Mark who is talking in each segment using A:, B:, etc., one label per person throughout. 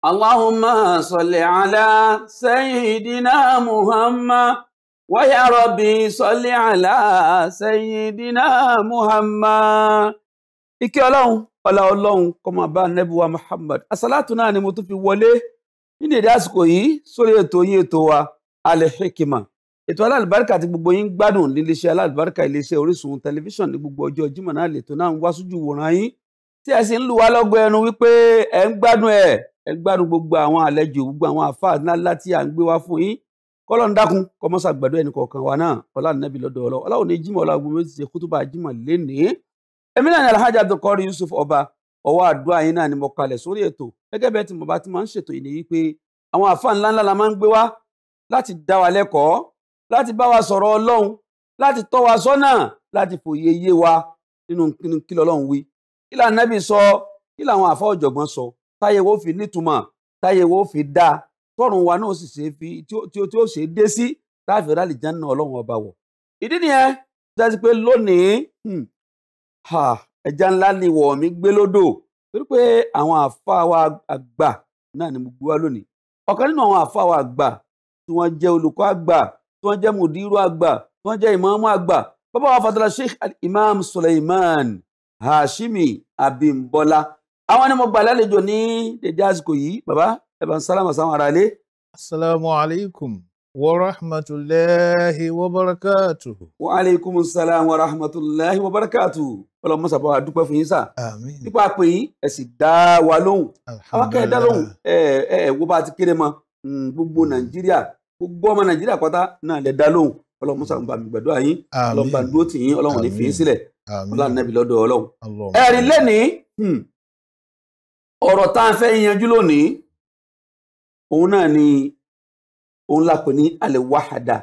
A: اللهم صل على سيدنا محمد ويا ربي صل على سيدنا محمد ìkẹ́ ọlọ́run ọlá ọlọ́run kó máa bá nẹ́bùwá muhammad asálàtù náà ni mo tún fi wọlé nínú èdè àsìkò yìí sórí ètò yín ètò wa alẹ́hìkìmà ètò alálùbáríkà tí gbogbo yín gbádùn níléeṣẹ́ alálùbáríkà iléeṣẹ́ orísun tẹlifíṣàn ní gbogbo ọjọ́ jímọ̀ náà lètò náà ń wá sójú wòran yín tí ẹ sì ń lù wá lọ́gọ ẹnu wípé ẹ ń gbádùn ẹ ẹ ń gbádùn gbogbo àwọn àlejò gbogbo àwọn àfáà ńláńlá tí à ń gbé wá fún yín kọ́lọ́n dákun kọ́mọ́sà gbàdọ́ ẹnì kọ̀ọ̀kan wa náà ọlá nàbí lọ́dọ̀ ọlọ́ ọlá òní jímọ̀ ọlá gbogbo ti ṣe kútúbà jímọ̀ lénìí èmi náà ni alhaji abdulkari yusuf ọba ọwọ́ àdúrà yín náà ni mo kalẹ̀ sórí ètò gẹ́gẹ́ bẹ́ẹ̀ tí mo bá ti máa ń ṣètò yìí nìyí pé àwọn àfáà ńláńlá la máa ń gbé wá láti dá wa lẹ́kọ̀ọ́ láti bá wa sọ̀rọ̀ ọlọ́run láti tọ́ wa sọ́nà láti kí là nẹ́bì sọ kí làwọn àfọ ọ̀jọ̀gbọ́n sọ táyé wo fi nítumọ̀ táyé wo fi dá tọrùn wa náà sì ṣe fi tí ó ṣe dé sí táàfin rálì jẹ́nà ọlọ́run ọba wọ̀ ìdí nìyẹn tó ti pé lónìí hmm, ẹja ńlá ni wọ̀ mí gbé lódò torí pé àwọn àfa wa àgbà náà ni mo gbé wá lónìí ọ̀kan nínú àwọn àfa wa àgbà tí wọ́n jẹ́ olùkọ́ àgbà tí wọ́n jẹ́ mùdírù àgbà tí wọ́n jẹ́ ìmáàmù àgbà bàbá wa fàtàlà Sheikh Imam Suleiman hashimi abimbola àwọn ni mo gbà lálejò ní dédé àsìkò yìí bàbá ẹ bá ń sálámà sáwọn ará ilé. asalaamu alaykum wa rahmatulahi wa barakatuhu. wa aleykum salaam wa rahmatulahi wa barakatuhu. ọlọmọ sábà wa dúpẹ́ fún yín sá. àmín. nípa pé yín ẹ sì dá wa lóhùn. alhamdulilayi àwọn kẹ́ẹ̀dá lóhùn ẹ ẹ wo bá ti kéré mọ mm, gbogbo nàìjíríà gbogbo ọmọ nàìjíríà pátá náà lè dá lóhùn ọlọmọ sábà mi gbàdúrà yín ọlọmọ gbàdúró tì yín ọlọmọ ní fi yín sílẹ̀ ọlọ́run nẹ́bí lọ́dọ̀ ọlọ́run ẹ̀rí lẹ́nìí hmm, ọ̀rọ̀ tá a fẹ́ yanjú lónìí òun náà ni òun la pè ní al-wahada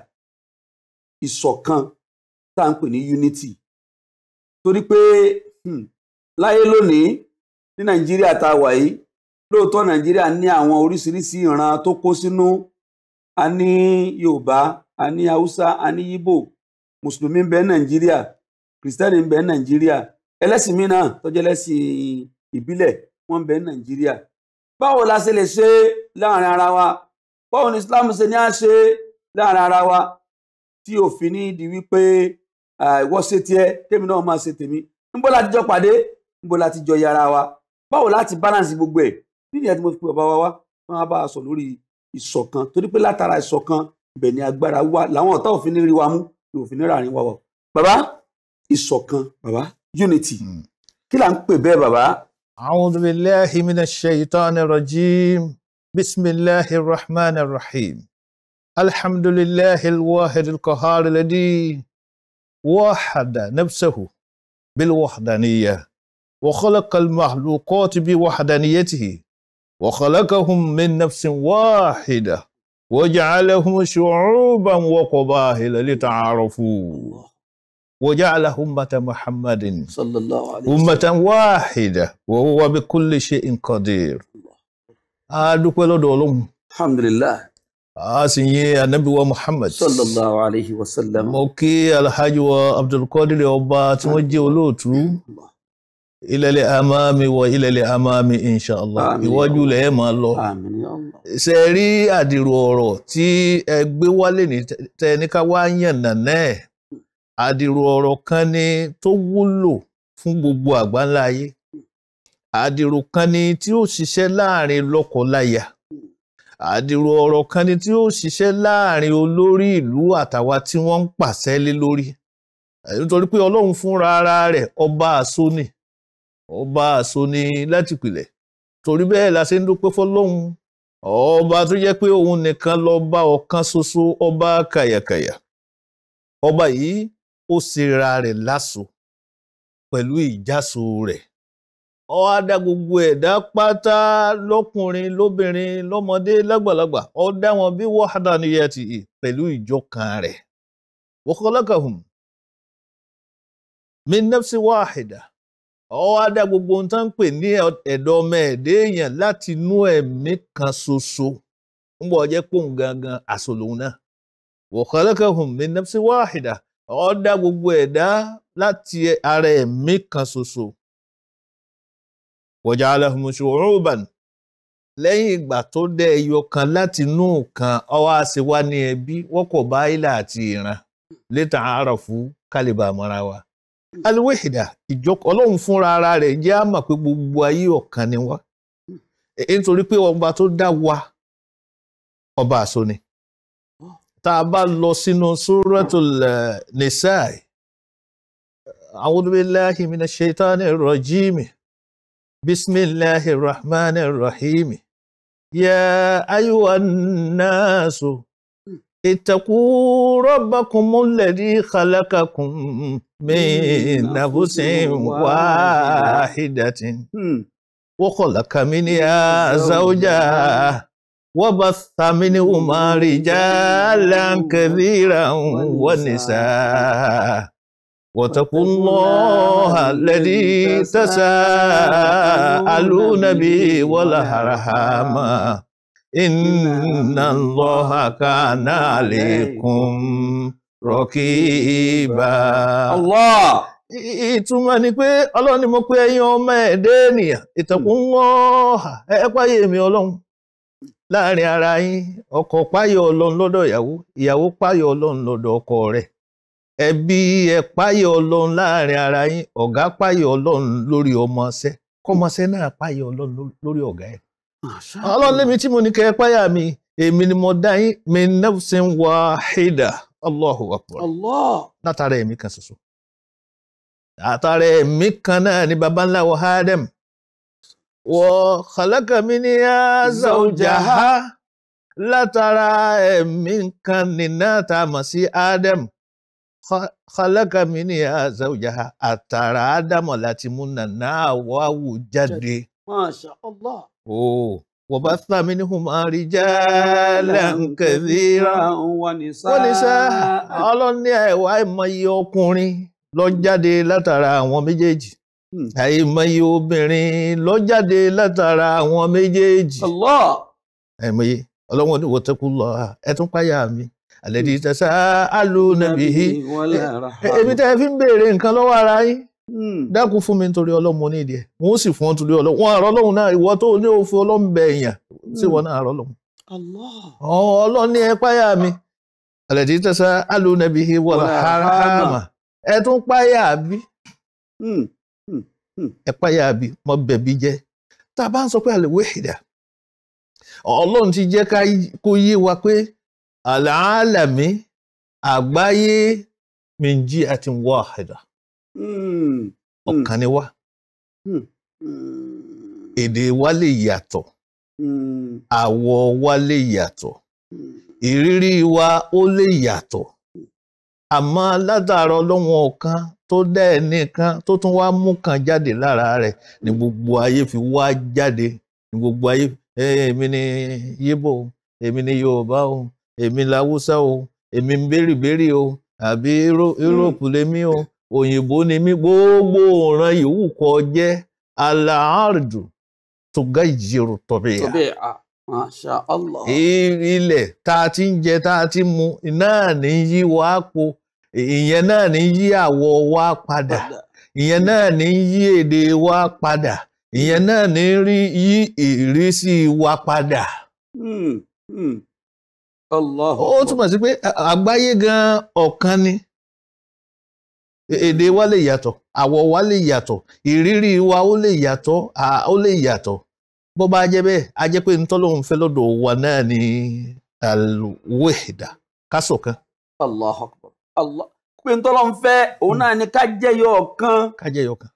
A: ìṣọ̀kan tá à ń pè ní unity torí pé hmm, láyé lónìí ní nàìjíríà tá a wà yìí lóòótọ́ nàìjíríà ní àwọn oríṣiríṣi ìran tó kó sínú a ní yorùbá a ní haúsá a ní yíbò mùsùlùmí bẹ nàìjíríà kìrìsìtẹ́nì ń bẹ ní nàìjíríà ẹlẹ́sìn mìíràn tó jẹ́ ẹlẹ́sìn ìbílẹ̀ wọ́n ń bẹ nàìjíríà báwo la ṣe lè ṣe láàrin ara wa báwo ni islam ṣe ní à ṣe láàrin ara wa tí òfin ní di wípé ìwọ ṣe tiẹ̀ tèmi náà máa ṣe tèmi níbo láti jọ pàdé níbo láti jọ yára wa báwo láti balance gbogbo ẹ̀ nídìí àti mo fi pé bàbá wa wá wọn bá a sọ lórí ìṣọ̀kan torí pé látara ìṣọ̀kan ibẹ̀ agbára wà láwọn ọ̀tá òfin ní rí wa mú òfin ní ràárín wa wọ bàbá ìṣọ̀kan bàbá unity hmm. kí là ń pè bẹ́ẹ̀ bàbá.
B: a'udhu billahi minash shaitani rajim bisimilahi rahman rahim alhamdulilahi alwahid alqahar alladhi wahada nafsahu bilwahdaniya wa khalaqa almakhluqat biwahdaniyatihi wa khalaqahum min nafsin wahida wa ja'alahum shu'uban wa وجعله أمة محمد صلى الله عليه وسلم أمة واحدة وهو بكل شيء قدير adúpẹ́ lọ́dọ̀ ọlọ́run. alhamdulilah. a sì yin anabi wa muhammad. sallallahu alayhi wa sallam. mo kí alhaji wa abdulkadir ọba tí wọ́n jẹ́ olóòtú. ilẹ̀lẹ̀ amami wa ilẹ̀lẹ̀ amami inshallah iwájú lẹ̀ ẹ̀ máa lọ. ṣe rí àdìrò ọ̀rọ̀ tí ẹ gbé wálé ní tẹ ní ká wá yàn nànẹ́ àdìrò ọ̀rọ̀ kan ni tó wúlò fún gbogbo àgbáńlá ayé àdìrò kan ni tí ó ṣiṣẹ́ láàrin lọ́kọláya àdìrò ọ̀rọ̀ kan ni tí ó ṣiṣẹ́ láàrin olórí ìlú àtàwa tí wọ́n ń pàṣẹ lé lórí nítorí pé ọlọ́run fúnra ara rẹ̀ ọba àṣọ ọba àṣọ láti pìlẹ̀ torí bẹ́ẹ̀ la ṣe ń dúpẹ́ fọlọ́run ọba tó jẹ́ pé òun nìkan lọ́ba ọ̀kan ṣoṣo ọba kàyàkàyà ọba yìí ó ṣera rẹ̀ láṣọ pẹ̀lú ìjáso rẹ̀ ó dá gbogbo ẹ̀dà pátá lọkùnrin lóbìnrin lọ́mọdé lágbàlagbà ọ dá wọn bí wahdaniyati pẹ̀lú ìjọkan rẹ̀ wa khalaqahum min nafsi wahida ó dá gbogbo ohun ní ẹ̀dọ́ ọmọ láti inú ẹ̀mí kan ṣoṣo ń bọ̀ jẹ́ ó dá gbogbo ẹ̀dá láti ara ẹ̀mí kan ṣoṣo wajalahum shu'uban lẹ́yìn ìgbà tó dẹ ẹyọ kan láti inú kan ó wá ṣe wá ní ẹbí wọ́n kò bá ilà àti ìran létà àárọ̀ fún kálíbà mọ́ra wa. aliwehida ìjọkọ ọlọ́run fúnra ara rẹ̀ jẹ́ á pé gbogbo ayé ọ̀kan ni wá nítorí pé ọba tó dá wa ọba àsọ ni tá a bá lọ sínú suratul eh, nisaa a'udhu billahi minash shaitani rajimi bismillahi rahmani rahimi ya ayyuhan nasu ittaqu rabbakumul ladhi khalaqakum min nafsin wahidatin hmm. wa khalaqa minha zawjaha. وبث منهما رجالا كثيرا ونساء واتقوا الله الذي تساءلون به والارحام ان الله كان عليكم رقيبا الله ìtumọ̀ ni pé ọlọ́run ni mo pé ẹ̀yin ọmọ ẹ̀dẹ́ ènìyàn ìtẹ̀kùn ń wọ́ ẹ̀ẹ́páyé mi ọlọ́run láàrin ara yín ọkọ páyọ Ọlọ́run lọ́dọ̀ ìyàwó ìyàwó páyọ Ọlọ́run lọ́dọ̀ ọkọ rẹ̀ ẹbí ẹ páyọ Ọlọ́run láàrin ara yín ọ̀gá páyọ Ọlọ́run lórí ọmọọṣẹ́ kọ́mọṣẹ́ náà páyọ lórí ọ̀gá Ọlọ́run tí mo ní ni mo dá yín وخلق منها زوجها látara ẹ̀mí nǹkan nínà tá a mọ̀ sí Adam khalaqa minha zawjaha àtàrà Ádámọ̀ láti mú nànà àwáwù jáde.
A: Masha Allah.
B: Oo wa batha minhuma rijalan kathiran
A: wa nisaa. wọ́n ní sá
B: ọlọ́ni ẹ̀wá ìmọ̀ye ọkùnrin ló jáde látara àwọn méjèèjì. àìmọye obìnrin lọ jáde látara àwọn méjèèjì àìmọye ọlọ́wọ́n ní lọ ẹ tún páyà mi àlẹ́dí tẹ̀sà àlù nàbí èmi tẹ́ fi ń béèrè nǹkan ara yín hmm. dákun fún mi nítorí ọlọ́mọ ní ìdí ẹ̀ wọ́n sì fún ọlọ́mọ àrọ́ lọ́hùn náà wọn hmm. náà àrọ́ lọ́hùn. ọlọ́run ní ẹ mi àlù nàbí wọ́n tún hmm. Hmm, hmm. ẹ páyà bi, mọ bẹ̀bí jẹ́ tá a bá ń sọ pé àlè wéhìdà ọlọ́run ti jẹ́ kó yé wa pé àlàálàmí àgbáyé méjì àti wàhídà ọ̀kan ni wá hmm, èdè wa lè yàtọ̀ àwọ̀ wa lè yàtọ̀ ìrírí wa ó lè yàtọ̀ àmọ́ ládàárọ̀ ọlọ́run ọ̀kan tó dá ẹnìkan tó tún wá mú kan jáde lára rẹ̀ ni gbogbo ayé fi wá jáde ni gbogbo ayé èmi ni yíbò èmi ni yorùbá o èmi làwúsá o èmi ń bẹ́rìbẹ́rì o àbí yúròpù lèmi hmm. o òyìnbó ni mí gbogbo ọ̀ràn yòówù kọ jẹ́ aláàrùdù tó ga ìjírò tọ̀bẹ̀ yà. ilẹ̀ tá a ti ń jẹ tá a ti mu náà ní yíwọ́ àpò ìyẹn náà ní yí àwọ̀ wa padà ìyẹn náà ní yí èdè wá padà ìyẹn náà ní yí ìrísí wa padà.
A: Hmm, hmm. ó
B: túmọ̀ sí pé àgbáyé gan-an ọ̀kan ni e, èdè wa lè yàtọ̀ àwọ̀ wa lè yàtọ̀ ìrírí wa ó lè yàtọ̀ ó lè yàtọ̀ bó bá jẹ́ bẹ́ẹ̀ a jẹ́ pé ntọ́lọ́hún fẹ́ lọ́dọ̀ wa náà ni alwehda kásọ̀ kan.
A: pé ń tọ́lọ́ ń fẹ́ òun hmm. náà ni ká jẹ́yọ ọ̀kan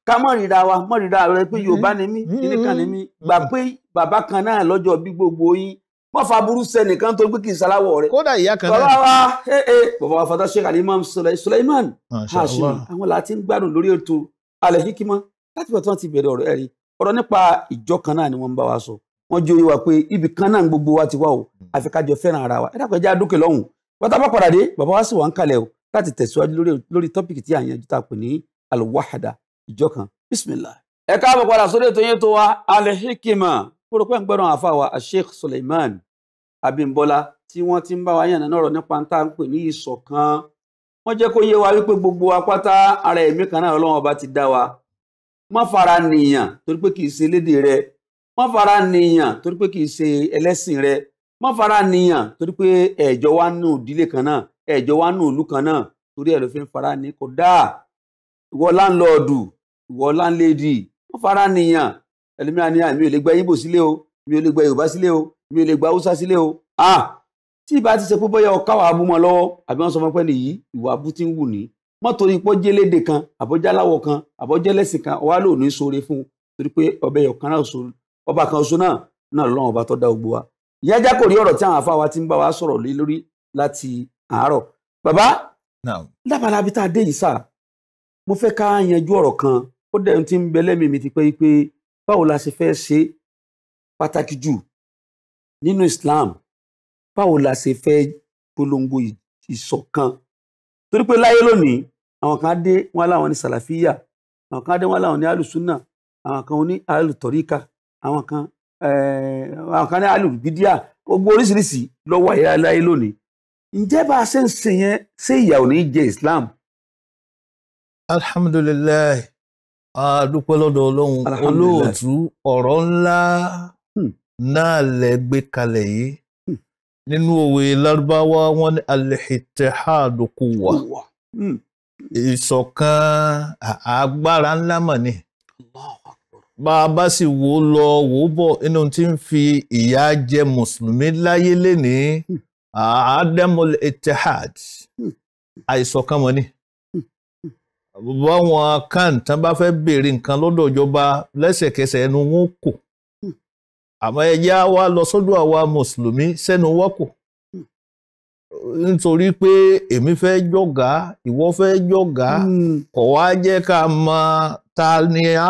A: ká mọ̀ ríra wa mọ̀ ríra rẹ pé hmm. Yorùbá ni mí hmm. kíní kan ni mí gbà pé bàbá kan náà lọ́jọ́ bí gbogbo yín mọ̀ fa burú sẹ́nìkan tó gbé kì í sáláwọ̀ rẹ̀ kódà ìyá kan náà eh, eh, bàbá wa ee hey, hey. bàbá wa fata Sheikh Alimam Suleiman Hashimi àwọn là ń gbádùn lórí ètò alẹ́ hikima láti bọ̀ ti bẹ̀rẹ̀ ọ̀rọ̀ ẹ̀rí ọ̀rọ̀ nípa ìjọ kan náà ni wọ́n ń bá wa sọ wọ́n jẹ́ oyè wa pé ibì kan náà gbogbo wa ti wá o àfi ká fẹ́ràn ara wa ẹ̀dá pẹ̀jẹ́ adókè lọ́hùn-ún bá padà dé bàbá wa sì wà ń kalẹ̀ o láti tẹ̀síwájú lórí lórí tọ́pìkì tí a yanjú ta pè ní alwahada ìjọkan bismillah. ẹ káàbọ̀ padà sórí ètò yẹn tó wa alihikima kúròpẹ́ ń gbẹ́rùn àfa wa sheikh suleiman abimbola tí wọ́n ti ń bá wa yànnà náà rọ̀ nípa ń tà ń pè ní ìṣọ̀kan wọ́n jẹ́ kó yé wa wípé gbogbo apáta ara ẹ̀mí kan náà ọlọ́run ọba ti dá wa má fara nìyàn torí pé kì í ṣe lédè rẹ má fara nìyàn torí pé kì í ṣe ẹlẹ́sìn rẹ má fara nìyàn torí pé ẹ̀jọ́ wa nù ìdílé kan náà ẹ̀jọ̀ wá nù ìlú kan náà torí ẹ̀ ló fi ń fara ní kò dáa ìwọ láńlọ́ọ̀dù ìwọ láńlẹ́dì wọ́n fara nìyàn ẹlòmíràn ní àmì ò lè gba Ìgbò sílé o mi ò lè gba Yorùbá sílé o mi ò lè gba Haúsá sílé o ah tí ìbá ti ṣe pé bóyá ọkà wà á bú mọ lọ́wọ́ àbí wọ́n sọ fún pẹ́ nìyí ìwà abú ti ń wù ní mọ́ torí pọ́ jẹ́lédè kan àbọ̀jáláwọ̀ kan àbọ̀jẹ́lẹ́sìn kan wà lóò ní sóore fún un torí pé ọbẹ̀ ọ̀kan náà sọ ọba kan oṣù náà náà lọ́wọ́ ọba tó dá gbogbo wa ìyájá kò rí ọ̀rọ̀ tí àwọn afáwa ti ń bá wa sọ̀rọ̀ lé lórí láti àárọ̀ bàbá lábàlá bí tá a dé yìí sà mo fẹ́ ká yanjú ọ̀rọ̀ kan ó dẹ̀ ti ń bẹ lẹ́mìí mi ti pé pé báwo la ṣe fẹ́ ṣe pàtàkì jù nínú Islam báwo la ṣe fẹ́ polongo ìṣọ̀kan torí pé láyé lónìí àwọn kan dé wọn láwọn ní sàlàfíà àwọn kan dé wọn láwọn ní alùsùnà àwọn kan ní alùtọ̀ríkà àwọn kan eh, àwọn kan ní alùbídíà gbogbo oríṣiríṣi ló wà láyé lónìí ǹjẹ́ bá a ṣe ń sìn yẹn ṣé ìyà ò ní jẹ Islam. alhamdulilayi a dúpẹ́
B: lọ́dọ̀ ọlọ́run olóòtú ọ̀rọ̀ ńlá hmm. náà lẹ gbé kalẹ̀ yìí hmm. nínú òwe lárúbáwá wọn ní alihitihadu kuwa hmm. ìṣọ̀kan agbára ńlá mà ni bá a bá sì wò lọ wò bọ̀ inú tí ń fi ìyà jẹ mùsùlùmí láyé lénìí. adamul ittihad àìṣọ̀kan wọn ni báwọn hmm. hmm. kan tán bá fẹ́ béèrè nǹkan lọ́dọ̀ ìjọba lẹ́sẹ̀kẹsẹ̀ ẹnu wọn kò hmm. àmọ́ ẹ̀yà wa lọ sọ́dọ̀ àwa mùsùlùmí sẹ́nu wọn kò nítorí pé èmi fẹ́ ta ni a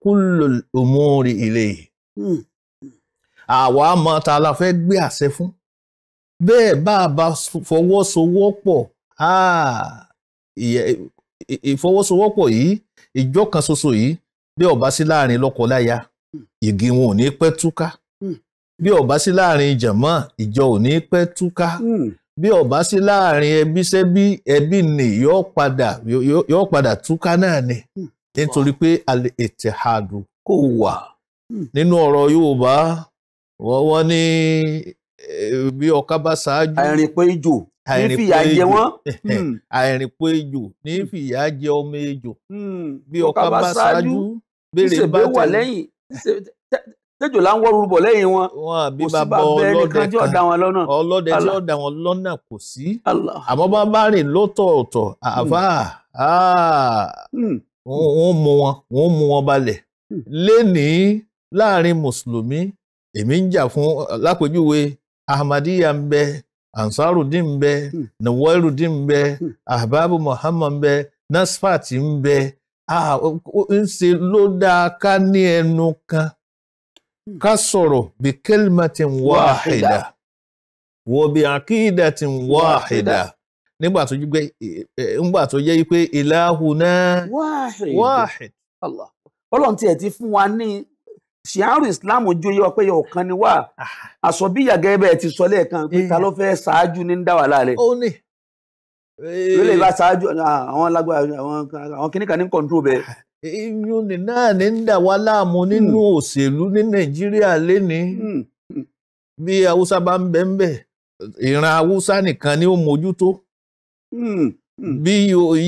B: kúlò òmùrì ilé àwa ta la gbé àṣẹ fún. bẹ́ẹ̀ bá a bá fọwọ́sowọ́pọ̀ ìfọwọ́sowọ́pọ̀ yìí ìjọ yìí bí ó sí láàrin lọ́kọláya ìgi wọn ò ní pẹ́ túká hmm. bí ó bá sí láàrin jàmọ́ ìjọ ò ní pẹ́ túká hmm. bí ó sí láàrin ẹbí sẹ́bí ẹbí ni yóò padà yóò padà túká náà ni hmm. nítorí pé al-ittihadu kò wà nínú ọ̀rọ̀ Yorùbá wọ́n ní bí ọkà bá ṣáájú. àìrìnpé ejò ní fìyà jẹ wọn. àìrìnpé ejò ní fìyà jẹ ọmọ ejò. bí hmm. ọkà bá ṣáájú béèrè bá tẹ̀lé tẹjọ la ń wọ rúbọ lẹ́yìn wọn kò sí bá bẹ́ẹ̀ nìkan tí ọdà wọn lọ́nà ọlọ́dẹ tí ọdà wọn lọ́nà kò sí àmọ́ bá bá rìn lọ́tọ̀ọ̀tọ̀ hmm. àfà hmm. wọ́n mú wọn wọ́n mú wọn balẹ̀ lénìí láàrin mùsùlùmí èmi ń jà fún lápèjúwe ahmadiyya mbe ansarudin mbe hmm. nawaludin mbe hmm. ahbabu muhammad mbe nasfat mbe ń ṣe ló dáa ká ní ẹnu kan hmm. ká sọ̀rọ̀ bí kẹ́lìmọ̀tì wáhìdà wọ bí àkídà ti wáhìdà nígbà tó jẹ́ nígbà tó jẹ́ pé
A: wa ní ṣìárù islam ojú yẹ ọpẹ yẹ ni wá aṣọ ah. bí ìyá ti sọ pé ta ló eh. fẹ́ ṣáájú ní dá láàrẹ. ó ní. bá eh. ṣáájú àwọn lágbára àwọn kìnnìkan ní kọńtró bẹ́ẹ̀.
B: iyún eh, ni náà ní ń láàmú hmm. nínú òṣèlú ní nàìjíríà lénìí hmm. hmm. bí haúsá bá ń bẹ ń bẹ nìkan ni ó mójútó bí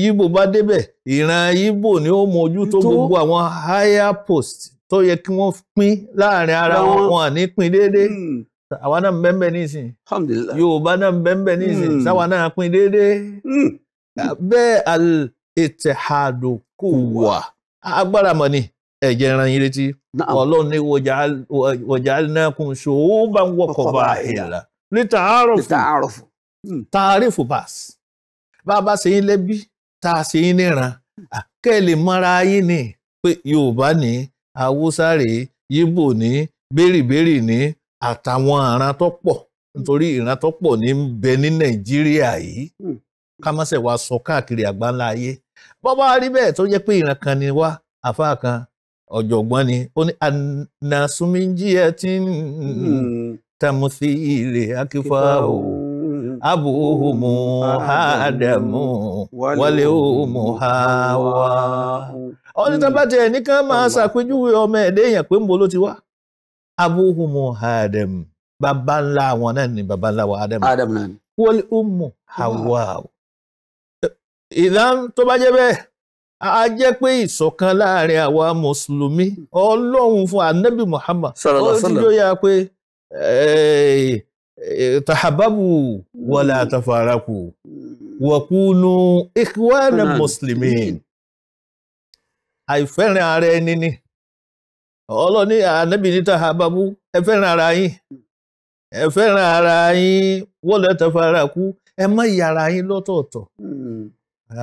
B: yíbo bá débẹ̀ ìran yíbo ni ó mójútó tó yẹ kí wọ́n pín láàrin ara wọn wọn à ní pín déédéé hmm. àwa náà bẹ́ẹ̀ nísìn Yorùbá náà bẹ́ẹ̀ nísìn hmm. sáwa náà pín déédéé hmm. bẹ́ẹ̀ al-ittihadu quwwa agbára mọ̀ ni ẹ̀jẹ̀ ran yín létí ọlọ́run ní waja'alnakum shu'uban wa qaba'ila lita'arafu ta'arifu bas bá a bá ṣe yín lẹ́bí tá a ṣe yín níran kẹ́ ẹ lè mọ́ra yín ni pé Yorùbá nìyí. haúsá rèé yíbò ní bẹ́rìbẹ́rì ní àtàwọn àran tó pọ̀ hmm. nítorí ìran tó pọ̀ ní bẹ ní nàìjíríà yìí hmm. ká má ṣe wá sọ káàkiri àgbáńlá ayé bọ́bá rí bẹ́ẹ̀ tó jẹ́ pé ìran kan ni wá àfáà kan ọ̀jọ̀gbọ́n ni ó ní anasuminjiya tí ń hmm. tàmùsí ilé akífà أبوهم آدم واليوم حواء àwọn ụmụ ha tiẹ̀ nìkan máa ṣàpèjúwe ọmọ ẹ̀dẹ́ èèyàn pé ń bo ló ti wá. abuhumu adam baba ńlá àwọn náà ni baba ńlá wa adam. adam náà ni. wọlé umu muhammad. tahababu wala tafaraku wa kunu ikhwana muslimin àìfẹ́ràn ara ẹni ni ọlọ́ni ànábì ní tahababu ẹ fẹ́ràn ara yín ẹ fẹ́ràn ara yín wọlé tafaraku ẹ má yàrá yín lọ́tọ̀ọ̀tọ̀ hmm.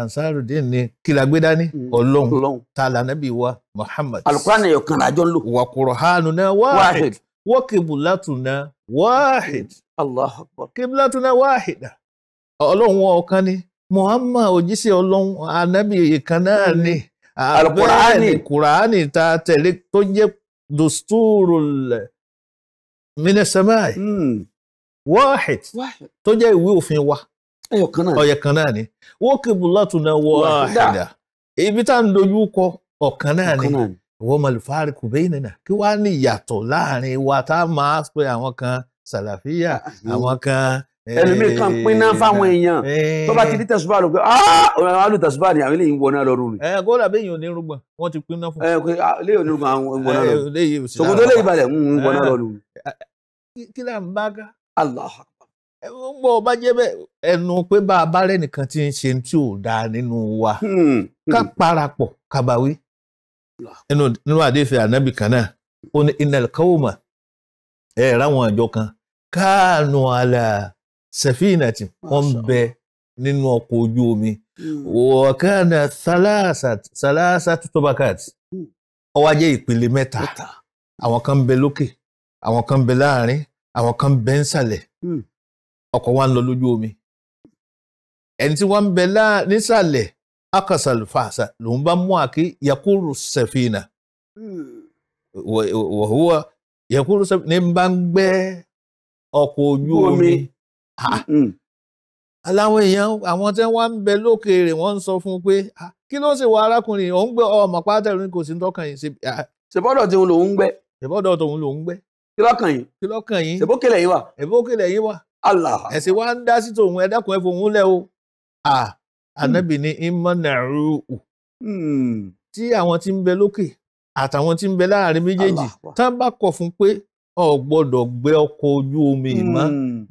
B: ansarudin ni kílagbé ni hmm. ọlọ́run tààlà ànábì wa muhammad alukurani
A: yóò kan àjọ ńlò wàkùrọ̀ hànú náà
B: وقبلتنا واحد الله أكبر قبلتنا واحدة ọlọ́run ọ̀kan ni muhammad òjíṣẹ́ ọlọ́run anabi kan náà ni hmm. alukurani kurani ta tẹ̀lé tó jẹ́ dusturu minasamai hmm. wahid tó wa ọ̀yẹ̀ kanani? náà ni wọ́n kìbùlá tún ibi wa mal fariqu bainana kí wàá ní ìyàtọ̀ láàrin wa tá a máa pe àwọn
A: kan sàlàfíà àwọn kan. ẹlòmíì kan pín náà fáwọn
B: èèyàn tó bá ti rí
A: tẹ̀sùbà lò pé ọ̀rọ̀ àwọn àlù tẹ̀sùbà ni àwọn eléyìí ń wọná lọ rúru.
B: ẹ kódà bẹ́ẹ̀ yóò ní irúgbọ̀n wọ́n ti pín náà fún.
A: ẹ léyìí ò ní irúgbọ̀n àwọn ń wọná lọ rúru. sòkòtò léyìí balẹ̀ ń wọná lọ rúru.
B: kí là ń bá ká. Allah gbọ́ bá jẹ́ bẹ́ẹ̀ ẹnu pé bá a bá rẹ́nìkan tí ń ṣe tí ò dáa nínú wa ká parapọ̀ kábàwí nínú nínú àdéhùn ànábì kan náà ó ní innal qawma ẹ ráwọn àjọ kan káànù àlà safinati wọn bẹ nínú ọkọ̀ ojú omi hmm. wọkànà salasa tubakat hmm. ó wá jẹ́ ìpele mẹ́ta àwọn kan bẹ lókè àwọn kan bẹ láàrin àwọn kan bẹ nsàlẹ̀ hmm. ọkọ̀ wa ń lọ lójú omi ẹni tí wọ́n bẹ nísàlẹ̀ أقص الفحص لنبمواكي يقول السفينة وهو yakuru السفينة نبانبي ọkọ̀ ojú omi aláwọ̀ èèyàn àwọn tí wọ́n ń bẹ lókèèrè wọ́n ń sọ fún un pé kí ló ń ṣe wọ arákùnrin òun gbé ọmọ pátẹ́rù kò sí tọkàn yìí. ṣèbọ́dọ̀ tí òun lòún gbẹ. ṣèbọ́dọ̀ tí òun lòún gbẹ. kí lọ́kàn yìí. wa! wa Anabi hmm. ní imanaru'u hmm. tí àwọn tí ń bẹ lókè àtàwọn tí ń bẹ láàrin méjèèjì tán bá kọ̀ fún pé ọ gbọdọ gbé ọkọ ojú omi ìmọ̀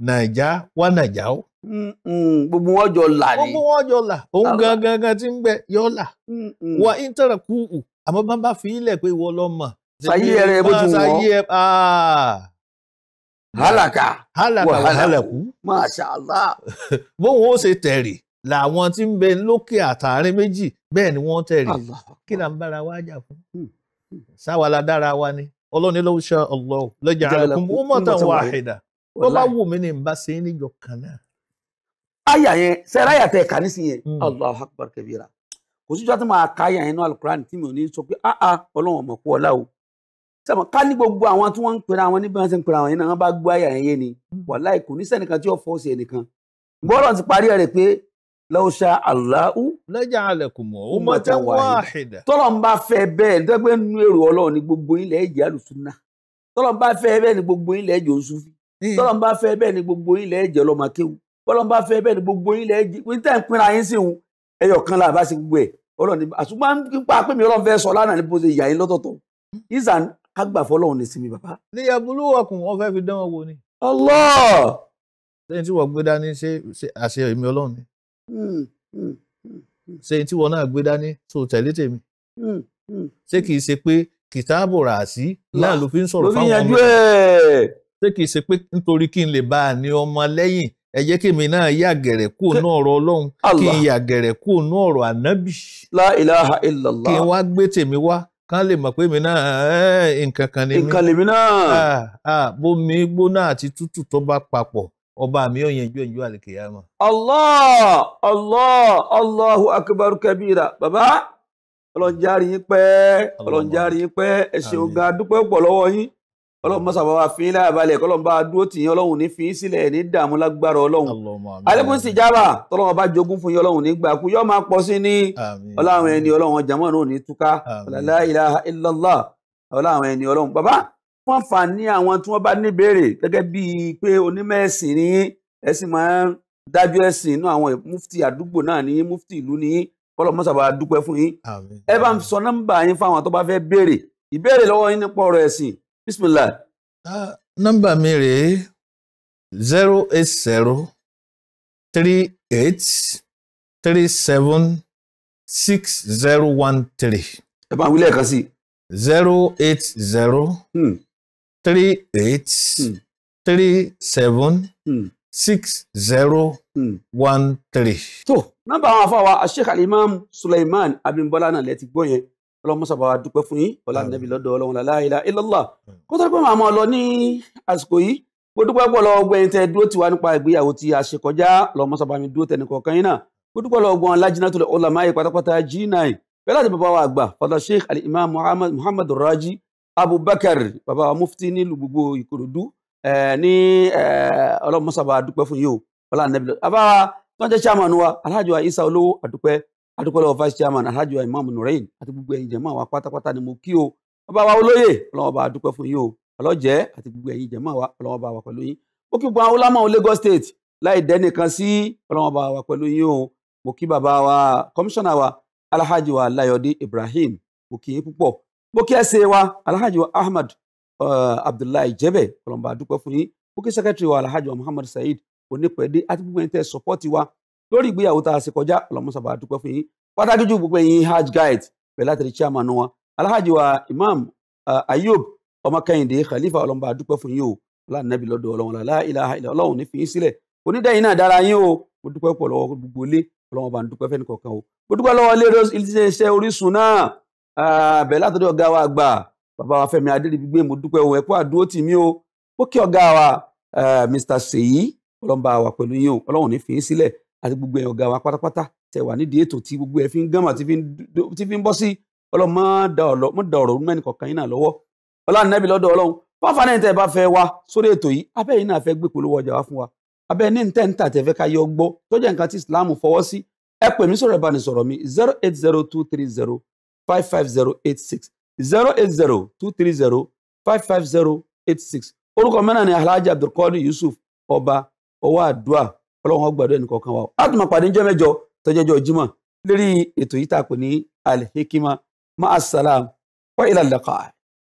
B: nàìjà wà nàìjà ó. gbogbo wọn jọ gbogbo wọn jọ là òun gangan gan ń yọ là. Hmm. wà kú bá fi pé ìwọ ẹrẹ bó ti wọ́n. hálàkà ah. wà hálàkù. masha Allah. ó ṣe tẹ̀rì. làwọn tí ń bẹ lókè àtàrin méjì bẹ́ẹ̀ ni wọ́n tẹ̀lé kí là ń bára wa jà fún sáwa hmm, hmm. la dára wa ni ọlọ́ni lọ́wọ́ ṣe ọlọ́ lọ́jà àlùkùn ummatan wahida tó bá wù mí ni n bá ṣe é níjọ kan náà.
A: àyà yẹn sẹ́rẹ́ àyà ẹ̀ka nísìnyí yẹn hmm. Allahu akbar kabira kò síjọ́ tí màá ka àyà yẹn náà alukurani tí mi ò ní sọ pé ah ah ọlọ́run ọmọ kú ọlá o sẹ́mu ká ní gbogbo àwọn tí wọ́n ń pera àwọn níbi wọn ṣe ń pera àwọn yẹn náà wọ́n bá gbọ́ àyà yẹn ni wàláì kò ní sẹ́nìkan tí yóò fọ́ sí ẹnìkan gbọ́dọ̀ ti parí ẹ̀ rẹ̀ pé law sha Allahu. laja'alakum ummatan wahida. tọ́lọ̀ ń bá fẹ́ bẹ́ẹ̀ dẹ́gbẹ́ nínú èrò ọlọ́run ní gbogbo ilẹ̀ ẹ̀jẹ̀ alùsùnà tọ́lọ̀ ń bá fẹ́ bẹ́ẹ̀ ní gbogbo ilẹ̀ ẹ̀jẹ̀ òṣùfì tọ́lọ̀ ń bá fẹ́ bẹ́ẹ̀ ní gbogbo ilẹ̀ ẹ̀jẹ̀ ọlọ́màkéwu tọ́lọ̀ ń bá fẹ́ bẹ́ẹ̀ ní gbogbo ilẹ̀ ẹ̀jẹ̀ wíńtẹ́ ń pinra yín sí òun ẹyọ kan la bá ṣe gbogbo ẹ̀ ọlọ́run ní àṣùgbọ́n nípa pé mi ọlọ́run fẹ́ sọ lánàá ní bó Hmm,
B: hmm, hmm, ṣe tí wọn náà gbé dání tó tẹ̀lé tèmi ṣé kìí ṣe pé kìtáàbù rà sí láà ló fi ń sọ̀rọ̀ fáwọn ọmọ rẹ̀ ṣé kìí ṣe pé nítorí kí n lè bá ní ọmọ lẹ́yìn ẹ jẹ́ náà yà gẹ̀rẹ̀ kú òun ọ̀rọ̀ kí n yà gẹ̀rẹ̀ kú òun ọ̀rọ̀ ànábì kí wá gbé tèmi wá pé mi náà nǹkan kan ni mi ah, ah, gbóná àti tútù tó bá papọ̀ ọba mi yóò yanjú ẹ̀yìn
A: àlìkìyàmọ̀. Allah Allah Allahu akbar kabira bàbá ọlọ́njárí yín pẹ́ ọlọ́njárí yín pẹ́ ẹ̀sìn ọ̀gá dúpẹ́ pọ̀ lọ́wọ́ yín ọlọ́run mọ́sà bàbá fi ń láàbálẹ̀ kọ́lọ́n bá dúró tì yín ọlọ́run ní fi ń sílẹ̀ ní dààmú lágbára ọlọ́run alẹ́kùn sì jábà tọ́lọ́run bá jogún fún yín ọlọ́run ní gbà kú yọ́ máa pọ̀ sí ní ọlọ́run ẹni ọlọ́run jàmọ́ ní túká la ẹni ọlọ́run bàbá fún àǹfààní àwọn tí wọ́n bá níbèrè gẹ́gẹ́ bíi pé onímọ̀ ẹ̀sìn ni ẹ sì máa ń dájú ẹ̀sìn inú àwọn mufti àdúgbò náà ní mufti ìlú ní kọ́lọ̀ mọ́sàbà dúpẹ́ fún yín ẹ bá ń sọ nọ́mbà yín fáwọn tó bá fẹ́ béèrè ìbéèrè lọ́wọ́ yín nípa ọ̀rọ̀ ẹ̀sìn bismillah.
B: Ah, nọ́mbà mi rèé zero eight zero three eight three seven six zero one three. ẹ bá ń wílẹ̀ kan sí. zero eight zero. Hmm three eight hmm. three seven hmm. six zero hmm. one three.
A: tó nọ́mbà àwọn afọwà Sheikh Al-Imam Suleiman Abimbola náà lẹ ti gbọ́ yẹn ọlọmọsàbà wa dúpẹ́ fún yín ọlá nàbí lọ́dọ̀ Ọlọ́run la ilaha illallah kó tó dé pé màá máa lọ ní àsìkò yìí mo dúpẹ́ pọ̀ lọ ọgbẹ́ yín tẹ́ dúró tiwa nípa ìgbéyàwó tí a ṣe kọjá ọlọmọsàbà mi dúró tẹnì kọ̀ọ̀kan yín náà mo dúpẹ́ lọ ọgbọ́n Lajnatul pátápátá G9 pẹ̀lú àti bàbá wa àgbà Fadila Sheikh Al-Imam Muhammad Raji abubakar bàbá wa mufti nílùú gbogbo ìkòròdú ní ọlọ́mọsábà dúpẹ́ fún yìí o ọlá nẹ́bílẹ̀ bàbá wa tó ń jẹ́ chairman wa alhaji wa isa olówó àdúpẹ́ àdúpẹ́ lọ́wọ́ vice chairman alhaji wa imam nurain àti gbogbo ẹ̀yin jẹ̀mọ́ wa pátápátá ni mo kí o bàbá wa olóyè ọlọ́wọ́ bá dúpẹ́ fún yìí o ọlọ́jẹ́ àti gbogbo ẹ̀yin jẹ̀mọ́ wa ọlọ́wọ́ bá wa pẹ̀lú yín mo kí gbogbo àwọn lagos state láì dẹ́nìkan sí ọlọ́wọ́ bá wa pẹ̀lú yín o mo kí bàbá wa kọmíṣánná wa alhaji wa layode ibrahim mo kí yín púpọ̀ mo kí ẹsẹ wa alhaji wa ahmed uh, abdullahi jebe kọlọmba àdúpẹ́ fún yín mo kí sẹkẹtìrì wa alhaji wa muhammad saheed onípẹ̀ẹ́dé àti gbogbo ẹni tẹ́ sọpọ́ọ̀tì wa lórí ìgbéyàwó tá a ṣe kọjá ọlọmọsàbà àdúpẹ́ fún yín pàtàkì jù gbogbo ẹ̀yin hajj guide pẹ̀lú àtẹ̀lé chairman wa alhaji wa imam uh, ayub ọmọ kẹhìndé khalifa ọlọmọba àdúpẹ́ fún yín o lánàbí lọ́dọ̀ ọlọ́run la ilaha illa ọlọ́run ní fi yín sílẹ̀ onídẹ̀yìn náà dára yín o mo dúpẹ́ pọ̀ lọ́wọ́ gbogbo ilé ọlọ́run ọba ń dúpẹ́ fẹ́ni kọ̀ọ̀kan o mo dúpẹ́ lọ́wọ́ ilé iṣẹ́ Orísun náà àbẹ̀ ah, látọ̀dọ̀ ọ̀gá wa àgbà bàbá wa Fẹ́mi Adéríbigbé mo dúpẹ́ ohun ẹ̀kọ́ àdúró tì mí o ó kí ọ̀gá wa Mr. Seyi ọlọ́mba wa pẹ̀lú yín o ọlọ́run ní fi í sílẹ̀ àti gbogbo ẹ̀yàn ọ̀gá wa pátápátá tẹ̀ wà nídìí ètò tí gbogbo ẹ̀ fi ń gánmà tí fi ń bọ́ sí ọlọ́run má da ọ̀rọ̀ mẹ́rin kọ̀ọ̀kan yín náà lọ́wọ́ ọlọ́run nẹ́bí lọ́dọ̀ ọlọ́run fáfá náà tẹ́ ẹ bá fẹ́ wá zero eight zero two three zero five five zero eight six zero eight zero two three zero five five zero eight six orúkọ mẹ́rin ni alhaji abdulkadir yusuf ọba ọwọ́ àdúrà ọlọ́run ọgbàdo ẹnì kọ̀ọ̀kan wa a tún máa pàdé níjọ́ mẹ́jọ tọ́jọ́jọ́ jímọ̀ lórí ètò yìí tá a pè ní alhikima ma'asalam wa ilal liqa.